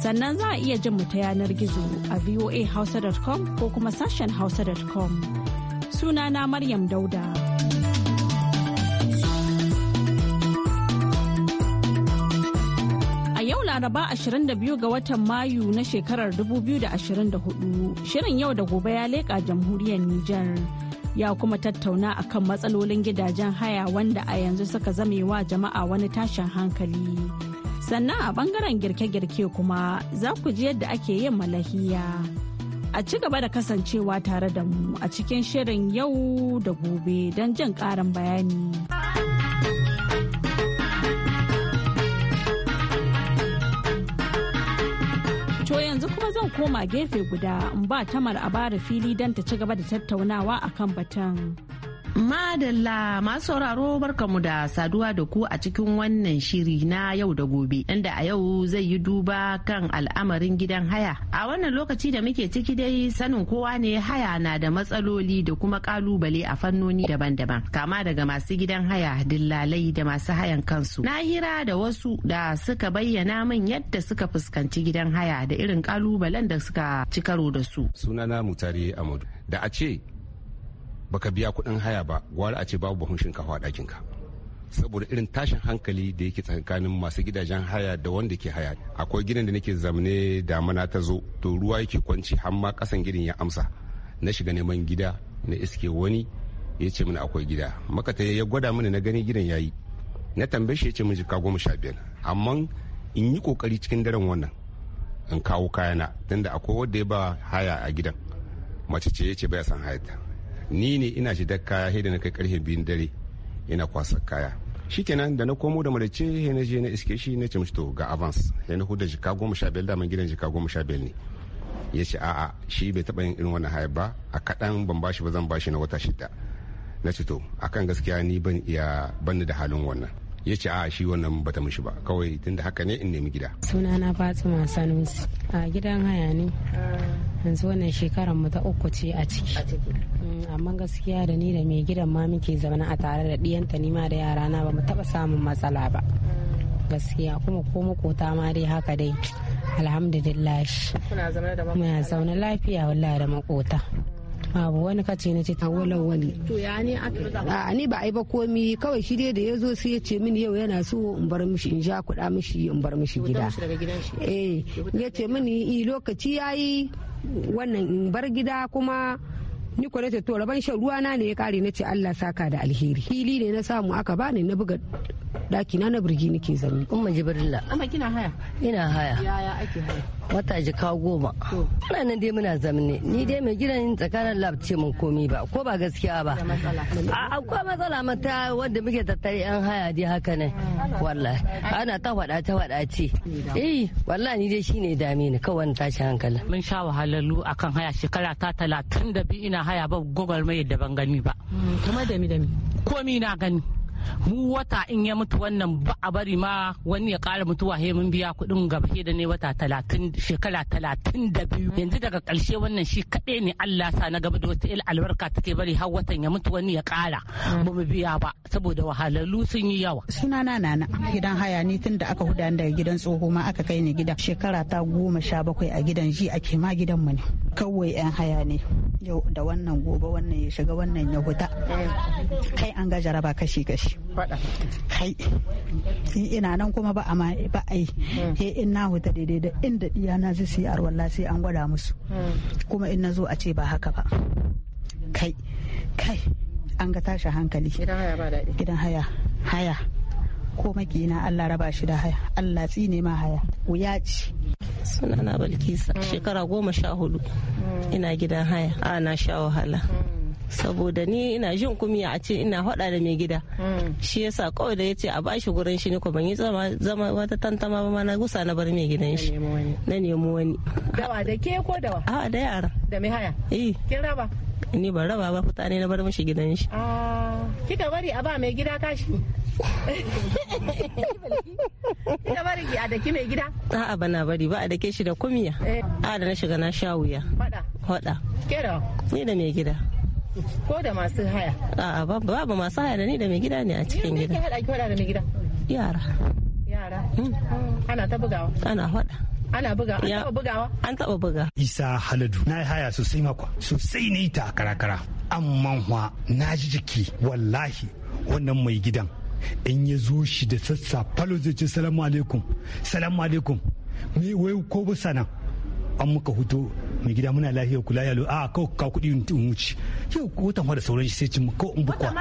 sannan za a iya jin mu ta yanar gizo a voahausa.com ko kuma sashen hausa.com sunana maryam dauda a yau laraba 22 ga watan mayu na shekarar 2024 shirin yau da gobe ya leƙa jamhuriyar nijar ya kuma tattauna a kan matsalolin gidajen haya wanda a yanzu suka zamewa jama'a wani tashin hankali. sannan a bangaren girke-girke kuma za ku ji yadda ake yin malahiya a ci gaba da kasancewa tare da mu a cikin shirin yau da gobe don jin ƙarin bayani. To yanzu kuma zan koma gefe guda ba tamar a bara fili don ta ci gaba da tattaunawa akan batun. Madalla masu sauraro barkamu da saduwa da ku a cikin wannan shiri na yau da gobe inda a yau zai yi duba kan al'amarin gidan haya. A wannan lokaci da muke ciki dai sanin kowa ne haya na da matsaloli da kuma kalubale a fannoni daban-daban kama daga masu gidan haya dillalai da masu hayan kansu. Na hira da wasu da suka bayyana min yadda suka fuskanci gidan haya da irin kalubalen da suka ci karo da su. Sunana Mutare Amadu. Da a ce baka biya kuɗin haya ba gwara a ce babu buhun shinkafa a ɗakinka saboda irin tashin hankali da yake tsakanin masu gidajen haya da wanda ke haya akwai gidan da nake zamne damana ta zo to ruwa yake kwanci har ma kasan gidan ya amsa na shiga neman gida na iske wani ya ce mini akwai gida makata ya gwada mini na gani gidan yayi na tambaye shi ya ce min goma sha biyar amma in yi kokari cikin daren wannan in kawo kayana tunda akwai wanda ya ba haya a gidan mace ce ya ce bai san hayata ni ne ina shi kaya sai da na kai karfe biyun dare ina kwasa kaya shikenan da na komo da marace sai na je na iske shi na ce mishi to ga avance sai na huda jika goma sha biyar daman gidan jika goma sha biyar ne ya ce a'a shi bai taba yin irin wannan haya ba a kaɗan ban bashi ba zan bashi na wata shida na ce to akan gaskiya ni ban iya ban da halin wannan ya ce a shi wannan bata mishi ba kawai tunda haka ne in nemi gida sunana fatima sanusi a gidan haya ne yanzu wannan shekarar mu ta uku ce a ciki mm, amma gaskiya da ni da mai gidan ma muke zaune a tare da ɗiyanta ni ma da yara na ba mu taɓa samun matsala ba gaskiya kuma ko makota ma dai haka dai alhamdulillah muna zaune lafiya wallahi da makota abu wani kace na ce tawalan ne a ni ba ai ba komi kawai shi dai da ya zo sai ya ce mini yau yana so in bar mishi in ja kuɗa mishi in bar mishi gida eh ya ce mini i lokaci yayi wannan in bar gida kuma ni ko to raban shan ruwa na ne ya kare na ce Allah saka da alheri fili ne na samu aka bani na buga daki na na birgi nake zanni umma jibrilla amma kina haya ina haya yaya ake haya wata jika goma ana nan dai muna ne. ni dai mai gidan tsakanin lab ce mun komi ba ko ba gaskiya ba akwai matsala mata wanda muke tattare yan haya dai haka ne wallahi ana ta faɗa ta faɗa ce eh wallahi ni dai shine dame ni kawai tashi hankali mun sha wahalalu akan haya shekara ta talatin da biyu ina haya ba gogar mai da ban gani ba mm, kuma dami dami. komi na gani mu wata in ya mutu wannan ba a bari ma wani ya kara mutuwa he mun biya kuɗin gaba he da ne wata talatin shekara talatin da biyu mm-hmm. yanzu daga ƙarshe wannan shi kaɗai ne Allah sa na gaba da wata il albarka take bari har watan ya mutu wani ya kara mm-hmm. ba mu biya ba saboda wahalalu sun yi yawa. suna na nana gidan haya ni tun da aka huda daga gidan tsoho ma aka kai ni gidan. shekara ta goma sha bakwai a gidan ji ake ma gidan mu ne. kawai 'yan haya ne yau da wannan gobe wannan ya shiga wannan ya huta kai an ga jaraba kashi kashi kai in ina nan kuma ba a ma ba ai hmm. he in na huta daidai da inda na zai sai yi arwalla sai an gwada musu hmm. kuma in na zo a ce ba haka ba kai kai an ga tashi hankali gidan haya haya ko magina Allah raba shi da haya Allah tsine ma haya wuya ce sunana balkisa mm. shekara goma sha hudu mm. ina gidan haya ana sha wahala mm. saboda ni ina jin kumiya a ce ina hada da mai gida shi yasa kawai da yace a bashi gurin shi ne ko ban yi zama wata tantama ba ma na gusa na bar mai gidan shi na nemo wani dawa da ke ko dawa a da yara da mai haya eh kin raba ni ban raba ba fita ne na bar mishi gidan shi ah, kika bari a ba mai gida kashi bari a mai gida? A'a bana bari ba a ke shi da kumiya. Eh. A'a da na shiga na sha wuya. Faɗa. Kera. Ni da mai gida. Ko da masu haya? A'a babu masu haya da ni da mai gida ne a cikin gida. Ni ke haɗa ki da mai gida? Yara. Yara. Hmm. Ana ta bugawa. Ana faɗa. ana buga an taɓa bugawa an taɓa buga isa haladu na yi haya sosai makwa sosai ne ta karakara amma na ji jiki wallahi wannan mai gidan in ya zo shi da sassa falo zai ce salamu alaikum salamu alaikum wai ko ba sana an muka huto mai gida muna lafiya kula yalo a kawo ka kuɗi in wuce yau watan ma da sauran shi sai cin ko in bukwa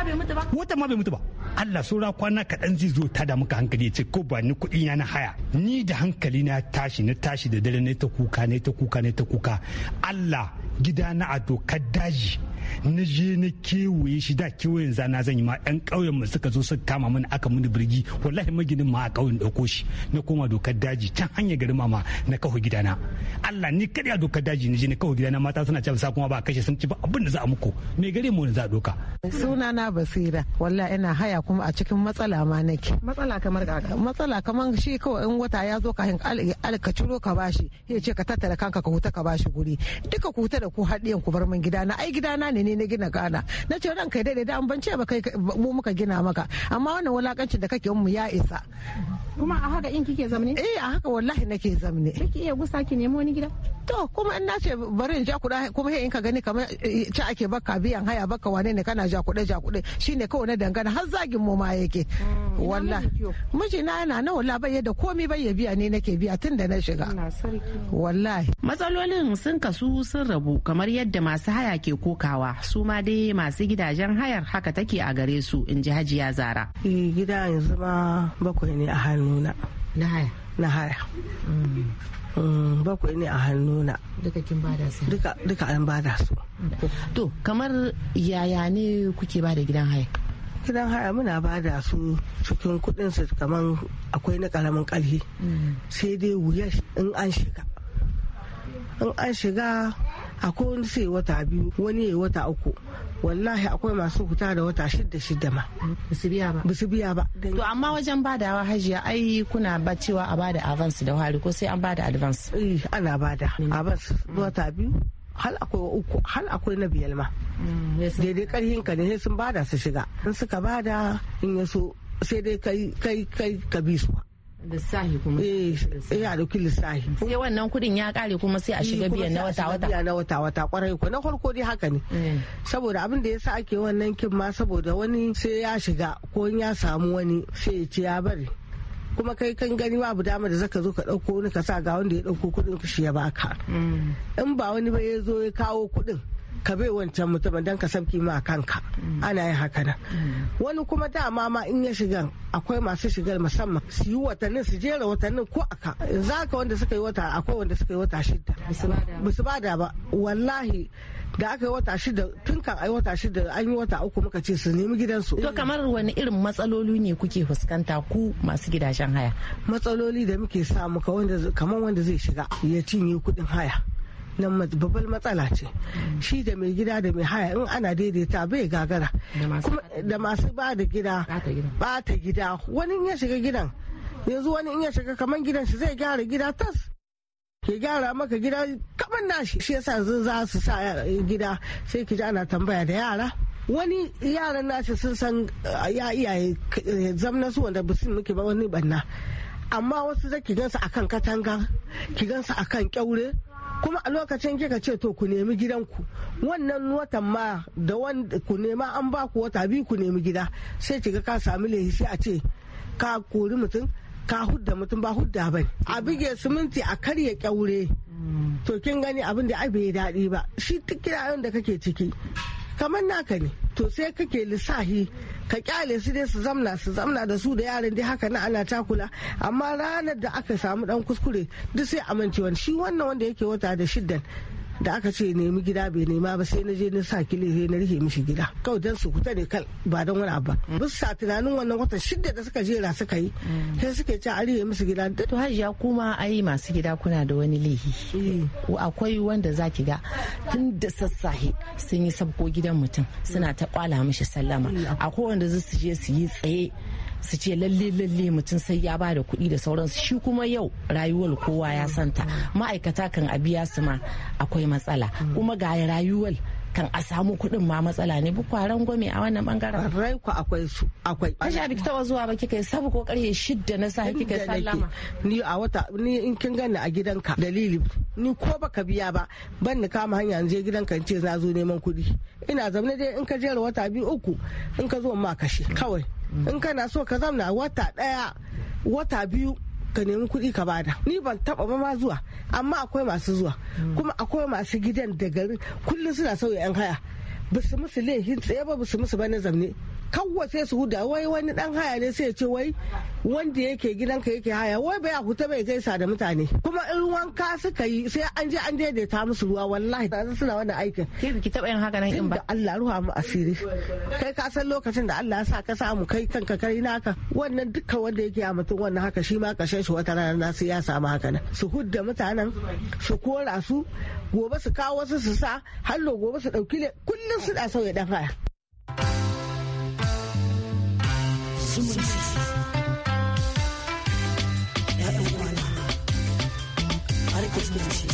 watan ma bai mutu ba Allah saura kwana kaɗan zai zo ta da muka hankali ya ce ko ba ni kuɗi na na haya ni da hankali na tashi na tashi da dare na ta kuka na ta kuka na ta kuka Allah gida na a dokar daji na je na kewaye shi da kewayen zana zan yi ma yan ƙauyen mu suka zo suka kama mini aka mini birgi wallahi maginin ma a ƙauyen ɗauko shi na koma dokar daji can hanyar garin mama na kawo gidana Allah ni kada a dokar daji na je na kawo gidana mata suna cewa kuma ba kashe sun ci ba abin da za a muku me gare mu ne za a doka suna na basira wallahi ina haya kuma a cikin matsala ma nake matsala kamar ka matsala kamar shi kawai in wata ya zo ka hin ka ciro ka bashi ya ce ka tattara kanka ka huta ka bashi guri duka ku huta da ku haɗiyan ku bar min gidana ai gidana ne wani ne na gina Ghana na ce ran kai daidai da an ban ce ba kai mu muka gina maka amma wannan wulakancin da kake mu ya isa kuma a haka in kike zamne eh a haka wallahi nake zamne kike iya gusa ki nemo ni gida to kuma in nace bari in ja kuɗa kuma in ka gani kamar eh, eh, ci ake baka biyan haya baka wane ne kana ja kuɗe ja kuɗe shine kawai na dangana har zagin mu ma yake hmm, wallahi mijina yana na wallahi bai yadda komai bai ya biya ne nake biya tun da na shiga wallahi matsalolin sun kasu sun rabu kamar yadda masu haya ke kokawa su ma dai masu gidajen hayar haka take a gare su in ji hajiya zara eh, gida yanzu ma bakwai ne a hannu hannuna na haya na haya mm. Mm, bakwai ne a hannuna duka kin bada su duka an bada su to kamar yaya ne kuke bada gidan haya gidan haya muna bada su cikin kudin su kamar akwai na karamin kalhi mm. sai dai wuya in an shiga in an shiga akwai wani sai wata biyu wani ya wata uku wallahi akwai masu huta da wata shida shida ma bisu biya ba to amma wajen badawa hajiya ai kuna ba cewa a bada avance da wari ko sai an bada advance eh ana bada avance wata biyu hal akwai uku hal akwai na biyar ma mm, daidai karhin ka ne sun bada su shiga in suka bada in ya so sai dai kai kai kai ka bi su lissahi kuma eh, eh a dauki lissahi sai wannan kudin ya kare kuma sai a eh, shiga biyan na wata wata biyan na wata wata kwarai ko na farko dai haka ne eh. saboda abin da yasa ake wannan kin ma saboda wani sai ya shiga ko ya samu wani sai ya ce ya bari kuma kai kan gani babu dama da zaka zo ka dauko ni ka sa ga wanda ya dauko kudin shi ya baka mm. in ba wani ba ya zo ya kawo kudin ka bai wancan mutumin don ka sabki ma kanka mm. ana yin haka nan mm. wani kuma dama ma in ya shigan akwai masu shigar musamman su yi watannin su jera watannin ko aka za ka wanda suka yi wata akwai wanda suka yi wata shida ba su bada ba wallahi da aka yi wata shida tun kan ai wata shida an yi wata uku muka ce su nemi gidansu to kamar wani irin matsaloli ne kuke fuskanta ku masu gidajen haya matsaloli da muke samu kamar wanda zai shiga ya cinye kuɗin haya nan babbar matsala ce shi da mai gida da mai haya in ana daidaita bai gagara da masu ba da gida ba ta gida wani ya shiga gidan yanzu wani in ya shiga kamar gidan shi zai gyara gida tas ya gyara maka gida kamar nashi shi yasa za su sa gida sai ki ji ana tambaya da yara wani yaran nashi sun san eh, ya iyaye eh, zamna su wanda ba sun muke ba wani banna amma wasu zaki gansu akan katanga ki gansu akan kyaure kuma a lokacin kika ce to ku nemi gidanku wannan watan ma da wanda ku nema an ba ku wata bi ku nemi gida sai kiga ka sami lehi a ce ka kori mutum ka hudda mutum ba hudda bai a bige siminti a karya kyaure to kin gani abin da ai bai daɗi ba shi duk da kake ciki kamar naka ne to sai kake lissahi ka kyale su dai su zamna su zamna da su da yaran dai haka na ana takula amma ranar da aka samu dan kuskure duk sai amincewa shi wannan wanda yake wata da shiddan da aka ce nemi gida bai nema ba sai na je na sa kile sai na rike mishi gida kawai dan su kuta ne kal ba dan wani abu ba sa tunanin wannan wata shidda da suka jera suka yi sai suke ce a rike mishi gida to hajiya kuma ai masu gida kuna da wani lihi eh. akwai wanda zaki ga tun da sassahe sun yi sabko gidan mutum suna ta kwala mishi sallama mm. akwai wanda su je su yi tsaye su ce lalle lalle mutum sai ya bada kuɗi da sauransu shi kuma yau rayuwar kowa ya santa ma'aikata kan a biya su ma akwai matsala kuma ga rayuwar kan a samu kuɗin ma matsala ne bukwa rangwame a wannan bangaren rai ku akwai su akwai kashi abiki tawa zuwa ba kika sabu ko karye shidda na sa kika sallama ni a wata ni in kin gani a gidanka dalili ni ko baka biya ba ban ni kama hanya je gidanka in ce na zo neman kuɗi ina zaune dai in ka je wata biyu uku in ka zo ma kashe kawai in kana so ka zamna wata daya wata biyu ka nemi kuɗi ka bada ni ban taɓa ba ma zuwa amma akwai masu zuwa mm. kuma akwai masu gidan da garin kullum suna sauya yan haya ba su musu laifin tsaye ba su musu bane zamne kawai sai su huda wai wani dan haya ne sai ce wai wanda yake gidanka yake haya wai bai a huta bai gaisa da mutane kuma in wanka suka yi sai an je an daidaita musu ruwa wallahi ta suna wani aikin ki taba yin haka nan in ba Allah ruha mu asiri kai ka san lokacin da Allah ya sa ka samu kai kanka kai naka wannan duka wanda yake a mutum wannan haka shi ma kashe shi wata rana sai ya samu haka nan su hudda mutanen su kora su gobe su kawo wasu su sa hallo gobe su dauki kullun su da sauya dan haya zumunci ‘ya'yan kwana har zumunci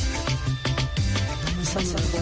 musamman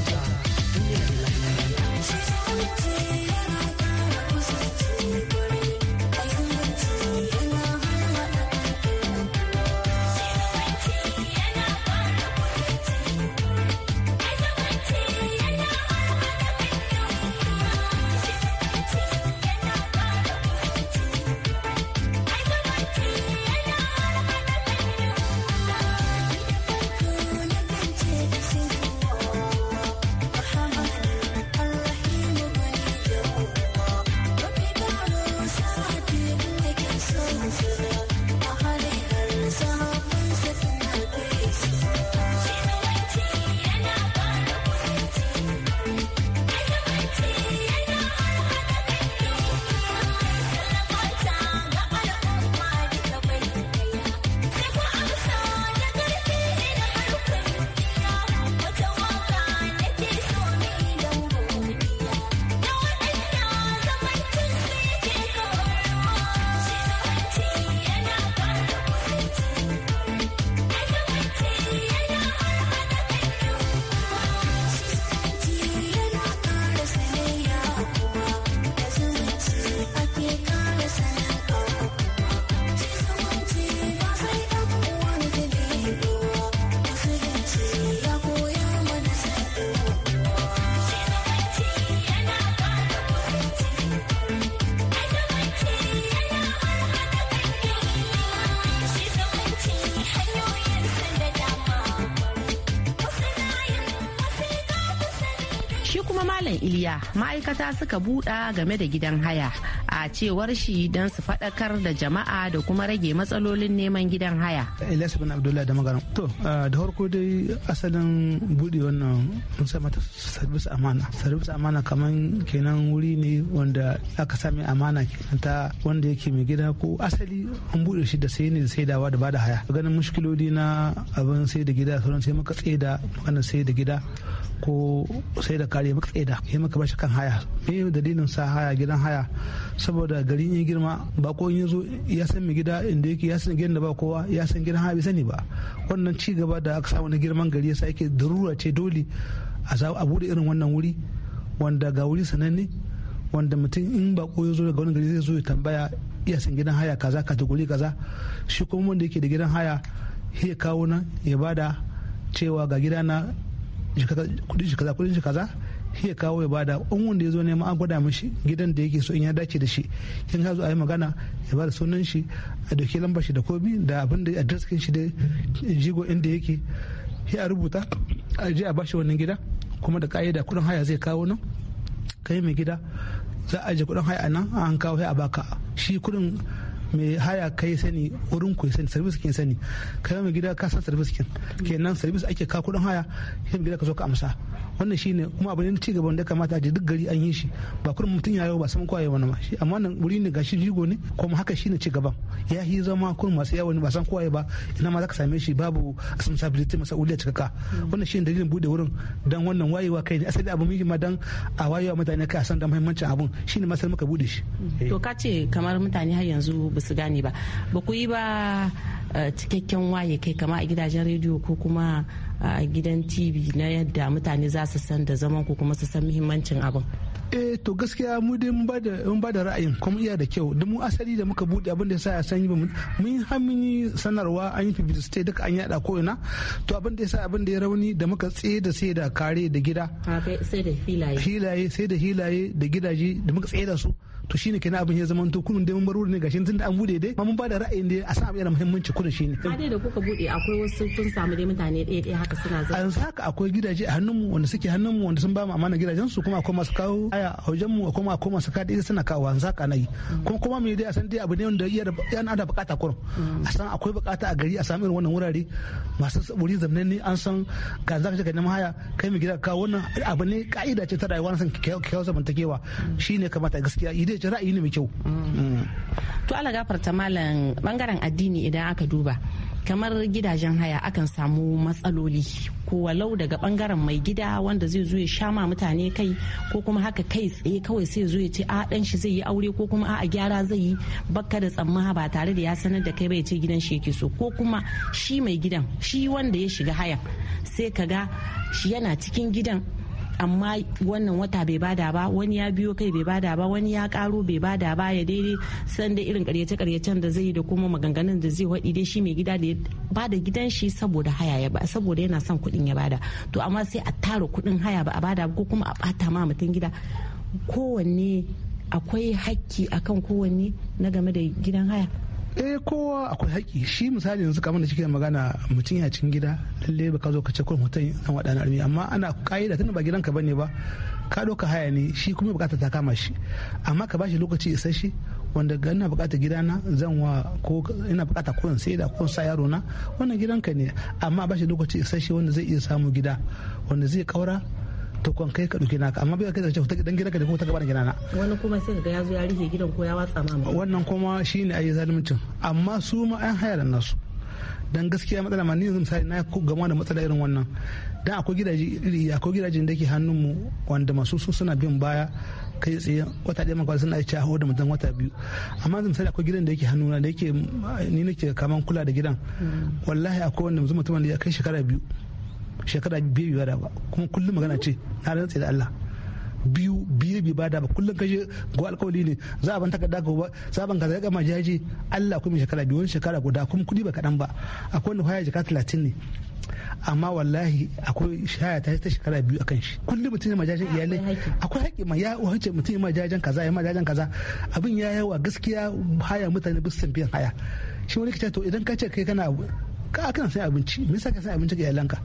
ma'aikata suka buɗa game da gidan haya a cewar shi don su faɗakar da jama'a da kuma rage matsalolin neman gidan haya. Ilyas bin Abdullahi da magana. To, da harko dai asalin buɗe wannan musamman service amana service amana kaman kenan wuri ne wanda aka sami amana kenan ta wanda yake mai gida ko asali an bude shi da sai ne da saidawa da bada haya ganin mushkiloli na abin sai da gida sauran sai muka tseda magana sai da gida ko sai da kare muka tseda sai muka bashi kan haya me dalilin sa haya gidan haya saboda garin ya girma ko in zo ya san mai gida inda yake ya san gidan da ba kowa ya san gidan haya bai sani ba wannan ci gaba da aka samu na girman gari yasa yake darura ce dole a bude irin wannan wuri wanda ga wuri sananne wanda mutum in bako ya zo daga wani gari zai zo ya tambaya iya san gidan haya kaza kategori kaza shi kuma wanda yake da gidan haya ya kawo nan ya bada cewa ga gida na kudin shi kaza kudin shi kaza ya kawo ya bada in wanda ya zo ma an gwada mishi gidan da yake so in ya dace da shi in ka zo a yi magana ya bada sunan shi a dauki lambar shi da komi da abin da kin shi da jigo inda yake ya rubuta a je a bashi wannan gidan. kuma da ka'ida kudin haya zai kawo nan kai mai gida za a je kudin haya nan an kawo sai a baka shi kudin mai haya kai sani wurin ku sani service kin sani kai mai gida ka san service kin kenan service ake ka kudin haya kai mai gida ka zo ka amsa wannan shi ne kuma abu ne ci gaban da kamata a duk gari an yi shi ba kurin mutum ya yau ba san kwaye wani ma shi amma nan wuri ne gashi jigo ne kuma haka ne ci gaban ya yi zama kurin masu yawo ne ba san kwaye ba ina ma zaka same shi babu responsibility mas'uliyar cikaka hmm. wannan ne dalilin bude wurin dan wannan wayewa kai ne asali abu miji ma dan a wayewa mutane kai a san da muhimmancin abun shine masal muka bude shi hmm. to ka ce kamar mutane har yanzu ba su gane ba ba ku yi ba eh, cikakken waye kai kama a gidajen rediyo ko kuma a gidan tv na yadda mutane za su san da zaman ku kuma su san muhimmancin abin eh to gaskiya mu dai mun ba da ra'ayin kuma iya da kyau da mu asali da muka bude abin da yasa ya sanyi ba mun yi sanarwa an yi publicity duka an yada ko ina to abin da yasa abin da ya rauni da muka tsaye da sai da kare da gida ah, sai da hilaye hilaye sai da hilaye da gidaje da muka tsaye da su to shine kenan abin ya zama to kunun dai mun baro ne gashin tunda an bude dai ma mun ba da ra'ayin dai a san abin yana muhimmanci kunun shine ka dai da kuka bude akwai wasu kun samu dai mutane ɗaya ɗaya haka suna zama yanzu haka akwai gidaje a hannun mu wanda suke hannun mu wanda sun ba mu amana gidajen su kuma akwai masu kawo aya a wajen mu kuma akwai masu kawo dai suna kawo yanzu haka nayi kuma kuma mu dai a san dai abu ne wanda yana ada bukata kurum a san akwai bukata a gari a samu irin wannan wurare masu wuri zamanin ne an san ga zaka shiga neman haya kai mu gida ka wannan abu ne ka'ida ce ta rayuwa na san kyau zamantakewa shine kamata gaskiya zai ci ra'ayi ne mai kyau mm. to ala gafarta malam bangaren addini idan aka duba kamar gidajen haya akan samu matsaloli ko walau daga bangaren mai gida wanda zai zo ya shama mutane kai ko kuma haka kai tsaye kawai sai zo ya ce a dan shi zai yi aure ko kuma a gyara zai yi bakka da tsamma ba tare da ya sanar da kai ba ya ce gidan shi yake so ko kuma shi mai gidan shi wanda ya shiga haya sai kaga shi yana cikin gidan amma wannan wata bai bada ba wani ya biyo kai bai bada ba wani ya karo bai bada ba ya daidai san da irin karyace karyacen da zai yi da kuma maganganun da zai waɗi dai shi mai gida da ya bada gidan shi saboda haya ya ba saboda yana son kuɗin ya bada to amma sai a tara kuɗin haya ba a bada ko kuma a bata ma mutum gida kowanne akwai hakki akan kowanne na game da gidan haya eh kowa akwai haƙƙi shi misali yanzu kamar da cikin magana mutum ya cikin gida lalle ba ka zo ka ce kullum mutum an waɗa armi amma ana ƙa'ida tun ba gidanka bane ba ka ɗauka haya ne shi kuma buƙata ta kama shi amma ka bashi lokaci isasshe wanda ga ina gida gidana zan wa ko ina buƙata ko in saida ko sa yaro na wannan gidanka ne amma bashi lokaci isasshe wanda zai iya samu gida wanda zai kaura to kan kai ka duke naka amma bai kai zance ta dan gidanka da kuma ta gaban gidana wani kuma sai ga yazo ya rike gidan ko ya watsa mama wannan kuma shine ayi zaluncin amma su ma an hayar da nasu dan gaskiya matsala ma ni zan sai na ku gama da matsala irin wannan dan akwai gidaje iri akwai gidajen da ke hannun mu wanda masu su suna bin baya kai tsaye wata ɗaya maka suna ci aho da mutum wata biyu amma zan misali akwai gidan da yake hannuna da yake ni nake kaman kula da gidan mm. wallahi akwai wanda mutum mutum da ya kai shekara biyu shekara biyu biyu bada ba kuma kullum magana ce na tsaye da Allah biyu biyu bai bada ba kullum kashe go alkawali ne za a ban takarda ba za a ban kaza kama jaji Allah kuma shekara biyu wani shekara guda kuma kudi ba kaɗan ba akwai wani haya jaka talatin ne amma wallahi akwai shaya ta ta shekara biyu akan shi kullum mutum ya majajin iyalai akwai haƙƙi ma ya wace mutum ya majajin kaza ya majajin kaza abin ya yawa gaskiya haya mutane bisan biyan haya shi wani kace to idan ka ce kai kana ka kana sai abinci me yasa ka sai abinci ga iyalanka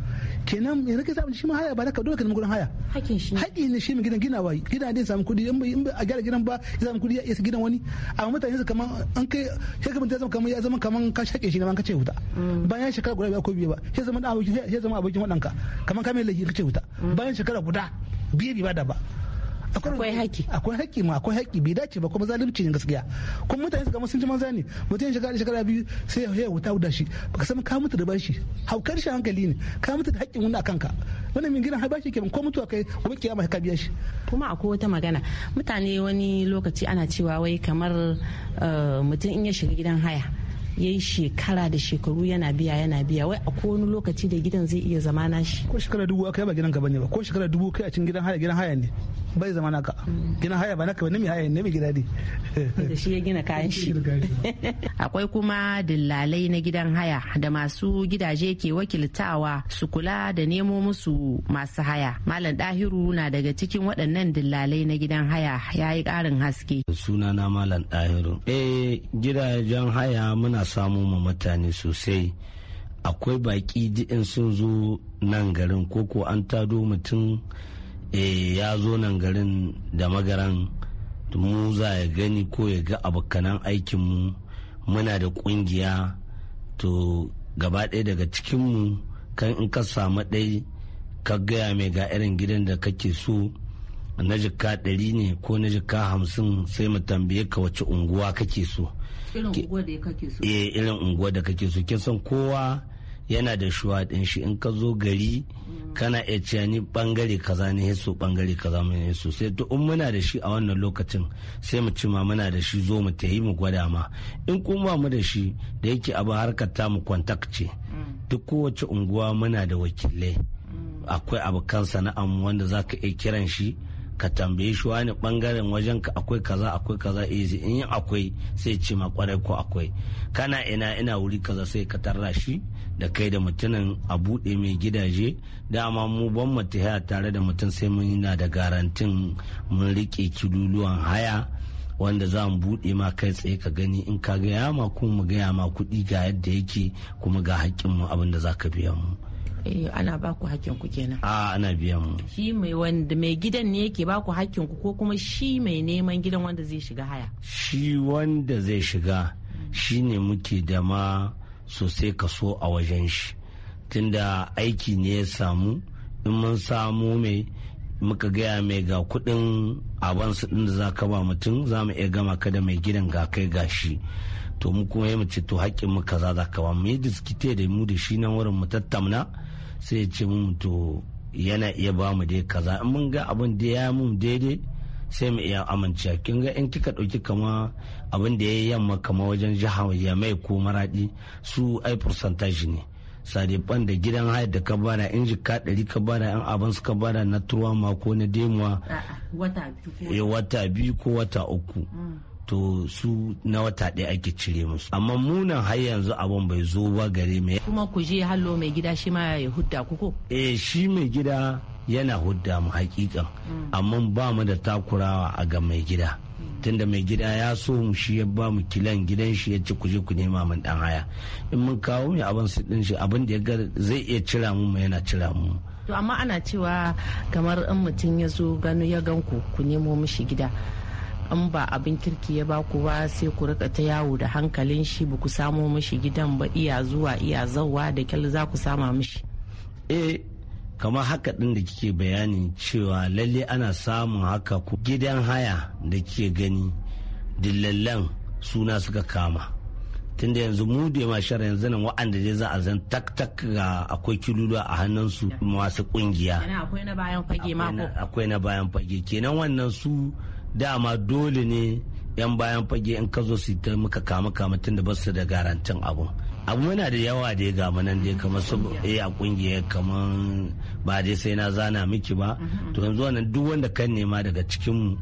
kenan yanzu ka sai abinci shi ma haya ba da ka dole ka nemi gurin haya hakkin shi haƙi ne shi mai gidan gina wai gidan da ya samu kuɗi in ba a gyara gidan ba ya samu kuɗi ya isa gidan wani amma mutane su kaman an kai sai ka zama kaman ya zama kaman ka shaƙe shi ne ka ce wuta mm. bayan shekara guda ko biyu ba sai zama abokin sai zama abokin waɗanka kaman ka mai laifi ka ce wuta mm. bayan shekara guda biyu ba da ba akwai haƙƙi akwai haƙƙi ma akwai haƙƙi bai dace ba kuma zalunci ne gaskiya kuma mutane su gama sun ji manza ne mutum shiga da shekara biyu sai ya wuta wuda shi baka san ka mutu da bashi haukar shi hankali ne ka mutu da haƙƙin wani a ka wannan min har bashi ke ko mutuwa kai ke yama ka biya shi kuma akwai wata magana mutane wani lokaci ana cewa wai kamar eh, mutum in ya shiga gidan haya ya yi shekara da shekaru yana biya yana biya wai a wani lokaci da gidan zai iya zama nashi ko shekara dubu aka ba gidan ka ne ba ko shekara dubu kai a cikin gidan haya gidan haya ne bai zama naka gidan haya ba naka ba ne mai haya ne mai gida ne da shi ya gina kayan shi akwai kuma dillalai na gidan haya da masu gidaje ke wakiltawa su kula da nemo musu masu haya malam dahiru na daga cikin waɗannan dillalai na gidan haya ya yi ƙarin haske sunana malam dahiru eh gidajen haya muna samo ma mutane sosai akwai baki in sun zo nan garin koko an tado mutum eh, ya zo nan garin da magaran mu za ya gani ko ya ga abokanan aikinmu muna da kungiya to gaba ɗaya daga cikinmu kan in ka samu ɗai ka gaya mai ga irin gidan da kake so na jikka ɗari ne ko na jikka hamsin sai mu tambaye ka wace unguwa kake so irin unguwa eh, da kake so kin san kowa yana da shuwa ɗin shi in ka zo gari mm. kana iya cewa ni bangare kaza ne so bangare kaza mu ne so sai to in muna da shi a wannan lokacin sai mu cima muna da shi zo mu tayi mu gwada ma in kuma mu da shi da yake abu harkar ta mu kwantakce ce mm. duk kowace unguwa muna da wakilai mm. akwai abu kan sana'an wanda za ka iya kiran shi ka tambaye shi wani bangaren wajen ka akwai kaza akwai kaza eh in akwai sai ce ma kwarai ko akwai kana ina ina wuri kaza sai ka tarra shi da kai da mutumin a buɗe mai gidaje dama mu ban haya tare da mutum sai mun na da garantin mun riƙe kiluluwan haya wanda za mu buɗe ma kai tsaye ka gani in ka gaya ma kuma mu gaya ma kuɗi ga yadda yake kuma ga haƙƙin mu abin da za ka biya mu Eh, ana ba ku hakkin ku kenan a ana biyan mu shi mai wanda mai gidan ne yake ba ku hakkin ku ko kuma shi mai neman gidan wanda zai shiga haya shi wanda zai shiga shine muke da ma sosai kaso a wajen shi tunda aiki ne ya samu in mun samu mai muka gaya mai ga kudin su din da za ka ba mutum za mu iya gama ka da mai gidan ga kai ga shi to mu kuma mu ce to haƙƙin mu kaza za ka ba mu yi diskite da mu da shi nan wurin mu tattamna sai ce mun to yana iya ba mu dai kaza in mun ga abin da ya mun daidai sai mu iya amincewa kin ga in kika dauki kama abin da yayi yamma kama wajen jiha ya mai ko maradi su ai percentage ne sadiban da gidan hayar da ka bada in ka ɗari ka bada in abin su ka bada na turwa ma ko na demuwa eh, wata biyu ko wata uku mm. to su na wata ɗaya ake cire musu amma munan har yanzu abun bai zo ba gare mai kuma ku je hallo mai gida shi ma ya hudda ku ko eh shi mai gida yana hudda mu hakikan mm. amma ba mu da takurawa a ga mai gida mm. tunda mai gida ya so mu shi ya ba mu kilan gidan shi ya ce ku je ku nema min dan haya in mun kawo mai abin su din shi abin da ya ga zai iya cira mu yana cira mu to amma ana cewa kamar in mutum ya zo gano ya gan ku ku nemo mishi gida in ba abin kirki ya baku ba sai ku rika ta yawo da hankalin shi ba ku samo mishi gidan ba iya zuwa iya zauwa da kyal za ku sama mishi eh kamar haka ɗin da kike bayanin cewa lalle ana samun haka ku gidan haya da ke gani dillallan suna suka kama tunda yanzu mu da ma shara yanzu nan wa'anda dai za a zan tak ga akwai kilulu a hannun su masu kungiya akwai na bayan fage mako akwai na bayan fage kenan wannan su dama dole ne 'yan bayan fage in ka zo su ta muka kama kama tun da basu da garantin abu abu yana da yawa da ya gama nan dai kamar su a kungiyar kamar ba dai sai na zana miki ba mm-hmm. to yanzu wannan duk wanda kan nema daga cikin mu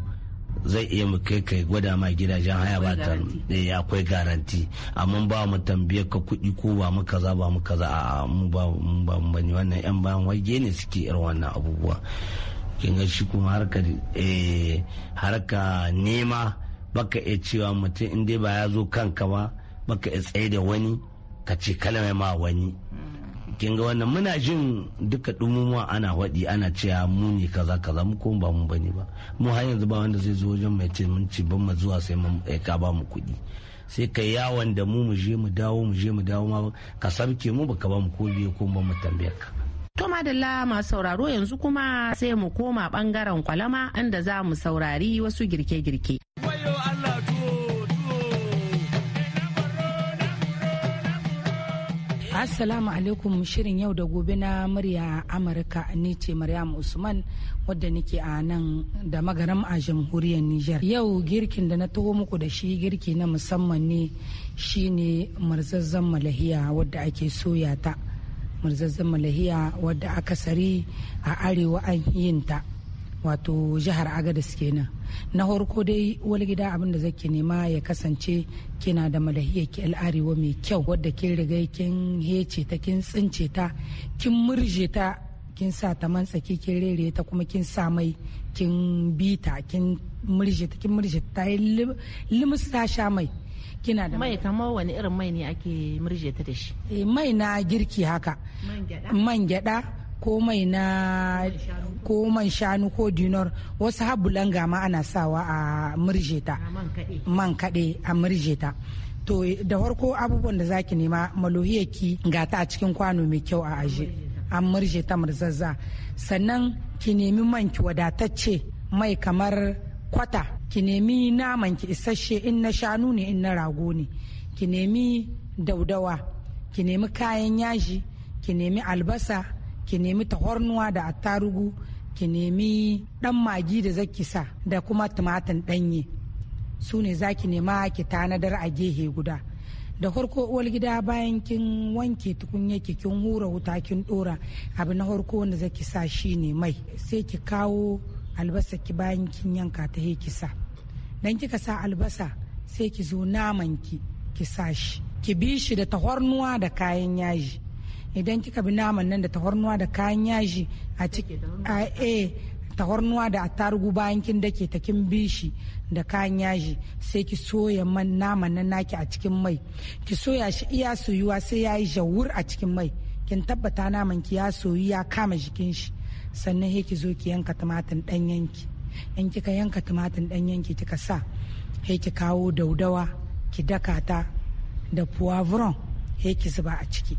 zai iya mu kai kai gwada ma gidajen haya ba ta eh, akwai garanti amma ba mu tambaye ka kuɗi ko ba mu kaza ba mu kaza a mu ba mu ba mu bani wannan yan bayan wage ne suke irin wannan abubuwa kin ga shi kuma harka eh, harka nema baka iya cewa mutum in dai ba ya zo kanka ba baka iya tsaye da wani ka ce kalmai ma wani kin ga wannan muna jin duka dumumuwa ana waɗi ana cewa mu ne kaza kaza mu ko ba mu bane ba mu har yanzu ba wanda zai zo wajen mai ce mun ci ban mu zuwa sai mun eh, ka ba mu kuɗi sai ka yawon da mu mu je mu dawo mu je mu dawo ma ka sabke mu baka ba mu ko biye ko ban mu tambayar ka To madalla masu sauraro yanzu kuma sai mu koma bangaren kwalama inda za mu saurari wasu girke-girke. Assalamu alaikum shirin yau da gobe na murya Amurka ni ce Maryam Usman wadda nake a nan da magaram a jamhuriyar Nijar. Yau girkin da na taho muku da shi girki na musamman ne shine marzazzan malahiya wadda ake soya ta. murzazzan malahiya wadda aka sari a arewa an yin wato jihar agadis kenan na farko dai wani gida abin da zake nema ya kasance kina da malahiya ki arewa mai kyau wadda kin riga kin hece ta kin tsince ta kin murje ta kin sa ta man tsaki kin rere ta kuma kin sa mai kin bita kin murje ta kin murje ta yi limsa sha mai kina da mai kamar wani irin mai ne ake murje ta da shi eh, mai na girki haka man gyada ko mai na ko man shanu ko dinar wasu habulanga ma ana sawa a murje ta man kade a murje ta to da farko abubuwan da zaki nema malohiyarki ga ta a cikin kwano mai kyau a aje an murje ta murzazza sannan ki nemi man ki wadatacce mai kamar kwata ki nemi naman ki isasshe in na shanu ne in na rago ne ki nemi daudawa ki nemi kayan yaji ki nemi albasa ki nemi tahornuwa da attarugu ki nemi dan magi da zaki sa da kuma tumatin danye su ne za ki nema ki tanadar a gehe guda da farko uwar gida bayan kin wanke tukunya ki kin hura wuta kin dora abu na farko wanda zaki sa shi mai sai ki kawo albasa ki bayan kin yanka ta he ki sa dan kika sa albasa sai ki zo naman ki ki sa shi ki bi shi da tahornuwa da kayan yaji idan kika bi naman nan da tahornuwa da kayan yaji a ciki a eh, tahornuwa da attarugu bayan kin dake ta kin bi shi da kayan yaji sai ki soya man naman nan naki a cikin mai ki soya shi iya soyuwa sai yayi jawur a cikin mai kin tabbata naman ki ya soyu ya kama jikin shi sannan he zo ki yanka tumatir ɗanyenki in kika yanka tumatir ɗanyenki kika sa he kawo daudawa ki daka ta da puwavron he zuba a ciki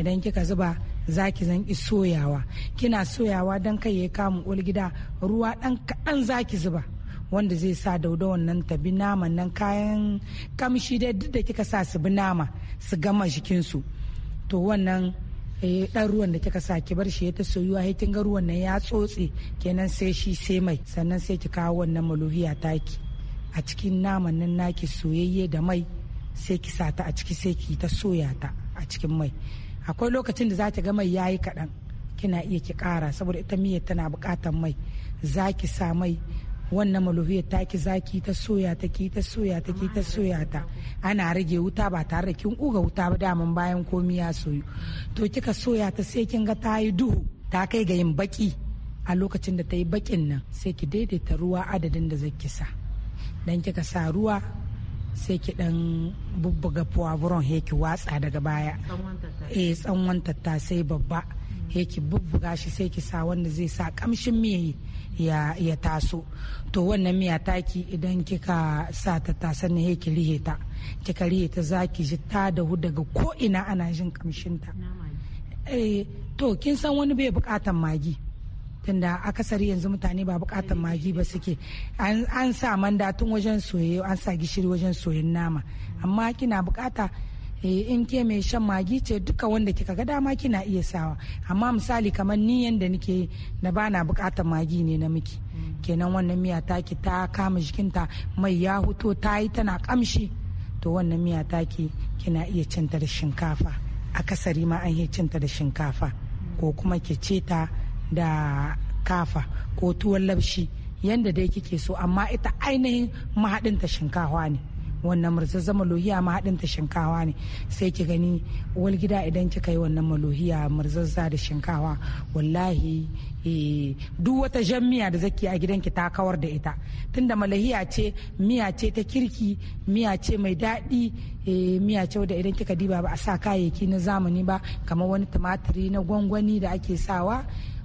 idan kika zuba za ki zanki soyawa kina soyawa don kai ya kamun ulgida ruwa ɗan kaɗan za ki zuba wanda zai sa daudawan nan ta bi naman nan kayan kamshi dai duk da kika sa su bi nama su gama jikinsu to wannan eh dan ruwan da kika sa ki bar shi ya ta soyuwa sai kin ga ruwan nan ya tsotse kenan sai shi sai mai sannan sai ki kawo wannan maluhiya taki a cikin naman nan naki soyayye da mai sai ki sa ta a ciki sai ki ta soya ta a cikin mai akwai lokacin da za ta ga mai yayi kaɗan kina iya ki kara saboda ita miyar tana buƙatar mai za ki sa mai wannan malofiya ta ki zaki ta soya ta ki ta soya ta ki ta soya ta ana rage wuta ba tare da kin kuga wuta ba daman bayan komi ya soyu to kika soya ta sai kin ga ta yi duhu ta kai ga yin baki a lokacin da ta yi bakin nan sai ki daidaita ruwa adadin da zaki sa dan kika sa ruwa sai ki dan bubbuga poivron he ki watsa daga baya eh tsawon tattasai babba yake bubbuga shi sai ki sa wanda zai sa kamshin miya ya, taso to wannan miya taki idan kika sa ta tasan ne yake rihe ta kika rihe ta za ki ji ta dahu daga ko ina ana jin kamshinta eh, to kin san wani bai bukatan magi tunda akasari yanzu mutane ba bukatan magi ba suke an sa manda tun wajen soyayya an sa gishiri wajen soyayyen nama amma kina bukata Eh in ke mai shan magi ce duka wanda kika ga dama kina iya sawa amma misali kamar ni yanda nake na bana bukatar magi ne na miki kenan wannan miya taki ta kama jikinta mai ya huto ta yi tana kamshi to wannan miya taki kina iya cinta da shinkafa akasari ma an iya cinta da shinkafa ko kuma ke ce ta da kafa ko tuwon labshi yanda dai kike so amma ita ainihin mahaɗinta shinkafa ne wannan murtsatsen malohiya ma haɗin ta shinkawa ne sai ki gani wal gida idan kika yi wannan malohiya murtsatsa da shinkawa wallahi eh, duk wata jan miya da zaki a gidanki ta kawar da ita tunda malahiya ce miya ce ta kirki miya ce mai daɗi eh, miya ce da idan kika diba ba a sa kayayyaki na zamani ba kamar wani tumatiri na gwangwani da ake sawa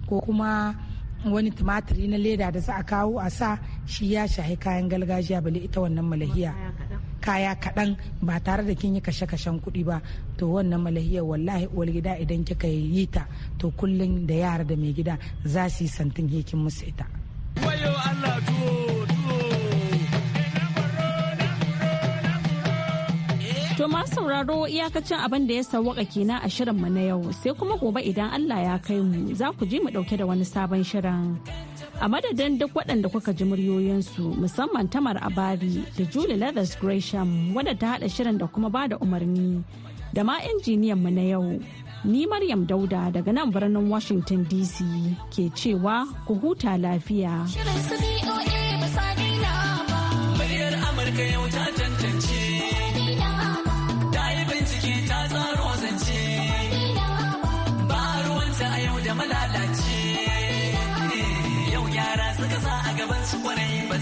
ko kuma wani tumatiri na leda da za a kawo a sa shi ya shahi kayan gargajiya bale ita wannan malahiya kaya kaɗan ba tare da kin yi kashe-kashen kuɗi ba to wannan malahiyar wallahi uwar gida idan kika yi ta to kullum da yara da mai gida za su yi santin hikin musu ita. To ma sauraro iyakacin abin da ya sawwaka kenan a shirin mu na yau sai kuma gobe idan Allah ya kai mu za ku ji mu dauke da wani sabon shirin. a madadin duk waɗanda kuka ji muryoyinsu musamman tamar abari da julie leathers gresham wadda ta haɗa shirin da kuma ba da umarni da ma injiniyan mu na yau ni maryam dauda daga nan birnin washington dc ke cewa ku huta lafiya Muryar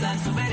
that's the way.